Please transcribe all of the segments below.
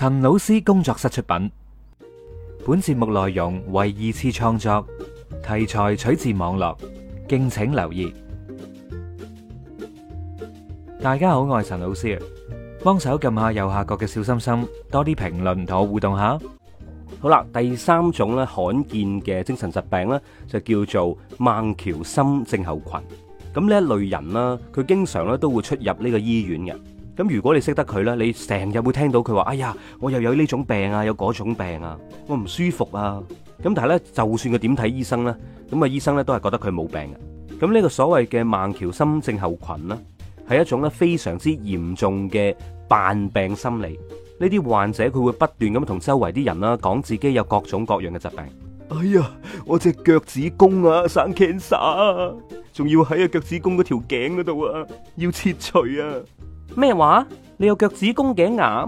陳老師工作室出品，本節目內容為二次創作，題材取自網絡，敬請留意。大家好，我係陳老師啊，幫手撳下右下角嘅小心心，多啲評論同我互動下。好啦，第三種咧罕見嘅精神疾病咧，就叫做孟喬森症候群。咁呢一類人啦，佢經常咧都會出入呢個醫院嘅。咁如果你識得佢呢，你成日會聽到佢話：哎呀，我又有呢種病啊，有嗰種病啊，我唔舒服啊。咁但係呢，就算佢點睇醫生呢，咁啊醫生呢都係覺得佢冇病嘅。咁呢個所謂嘅孟喬森症候群呢，係一種咧非常之嚴重嘅扮病心理。呢啲患者佢會不斷咁同周圍啲人啦講自己有各種各樣嘅疾病。哎呀，我隻腳趾公啊生 cancer 啊，仲要喺啊腳趾公嗰條頸嗰度啊要切除啊！咩話？你有腳趾公頸癌？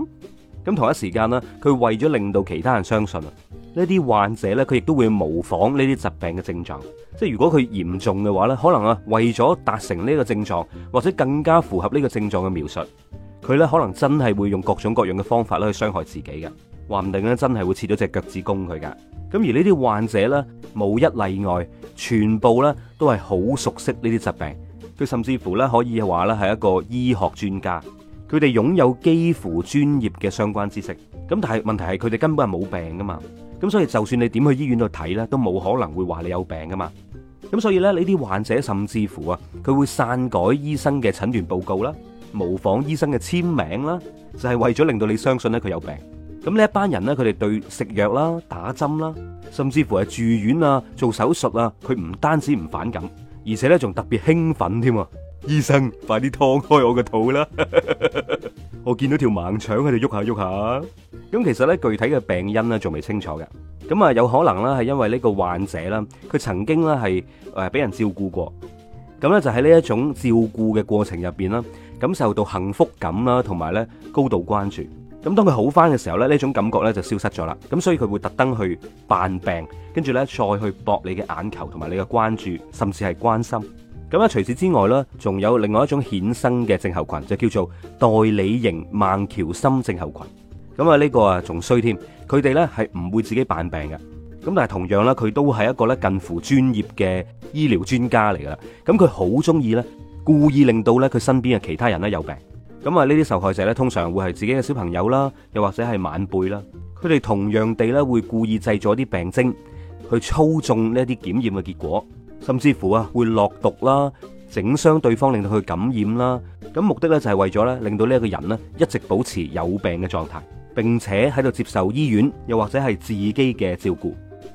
咁同一時間呢，佢為咗令到其他人相信啊，呢啲患者呢，佢亦都會模仿呢啲疾病嘅症狀。即係如果佢嚴重嘅話呢，可能啊為咗達成呢個症狀，或者更加符合呢個症狀嘅描述，佢呢可能真係會用各種各樣嘅方法咧去傷害自己嘅。話唔定呢，真係會切咗隻腳趾公佢噶。咁而呢啲患者呢，冇一例外，全部呢都係好熟悉呢啲疾病。佢甚至乎咧可以話咧係一個醫學專家，佢哋擁有幾乎專業嘅相關知識。咁但係問題係佢哋根本係冇病㗎嘛，咁所以就算你點去醫院度睇咧，都冇可能會話你有病㗎嘛。咁所以咧呢啲患者甚至乎啊，佢會篡改醫生嘅診斷報告啦，模仿醫生嘅簽名啦，就係為咗令到你相信咧佢有病。咁呢一班人咧，佢哋對食藥啦、打針啦，甚至乎係住院啊、做手術啊，佢唔單止唔反感。而且咧，仲特別興奮添啊！醫生，快啲劏開我個肚啦！我見到條盲腸喺度喐下喐下。咁其實咧，具體嘅病因咧，仲未清楚嘅。咁啊，有可能咧係因為呢個患者啦，佢曾經咧係誒俾人照顧過。咁咧就喺呢一種照顧嘅過程入邊啦，感受到幸福感啦，同埋咧高度關注。咁當佢好翻嘅時候咧，呢種感覺呢就消失咗啦。咁所以佢會特登去扮病，跟住呢，再去博你嘅眼球同埋你嘅關注，甚至係關心。咁啊，除此之外咧，仲有另外一種衍生嘅症候群，就叫做代理型孟喬森症候群。咁、這、啊、個，呢個啊仲衰添，佢哋呢係唔會自己扮病嘅。咁但係同樣啦，佢都係一個呢近乎專業嘅醫療專家嚟噶啦。咁佢好中意呢，故意令到呢佢身邊嘅其他人呢有病。咁啊，呢啲受害者呢，通常會係自己嘅小朋友啦，又或者係晚輩啦。佢哋同樣地呢，會故意製造啲病徵，去操縱呢啲檢驗嘅結果，甚至乎啊，會落毒啦，整傷對方，令到佢感染啦。咁目的呢，就係為咗呢，令到呢個人呢，一直保持有病嘅狀態，並且喺度接受醫院又或者係自己嘅照顧。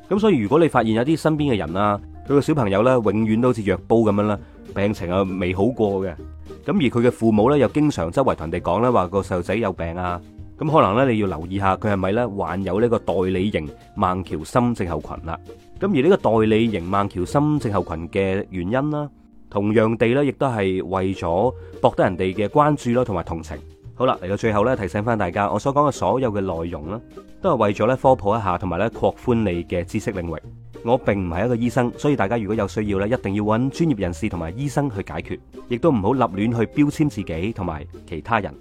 咁所以如果你發現有啲身邊嘅人啊，佢嘅小朋友呢，永遠都好似藥煲咁樣啦。病情啊未好過嘅，咁而佢嘅父母咧，又經常周圍同人哋講咧，話個細路仔有病啊，咁可能咧，你要留意下佢係咪咧患有呢個代理型孟喬森症候群啦，咁而呢個代理型孟喬森症候群嘅原因啦，同樣地呢，亦都係為咗博得人哋嘅關注咯，同埋同情。好啦，嚟到最後呢，提醒翻大家，我所講嘅所有嘅內容啦，都係為咗咧科普一下，同埋咧擴寬你嘅知識領域。我並唔係一個醫生，所以大家如果有需要咧，一定要揾專業人士同埋醫生去解決，亦都唔好立亂去標籤自己同埋其他人。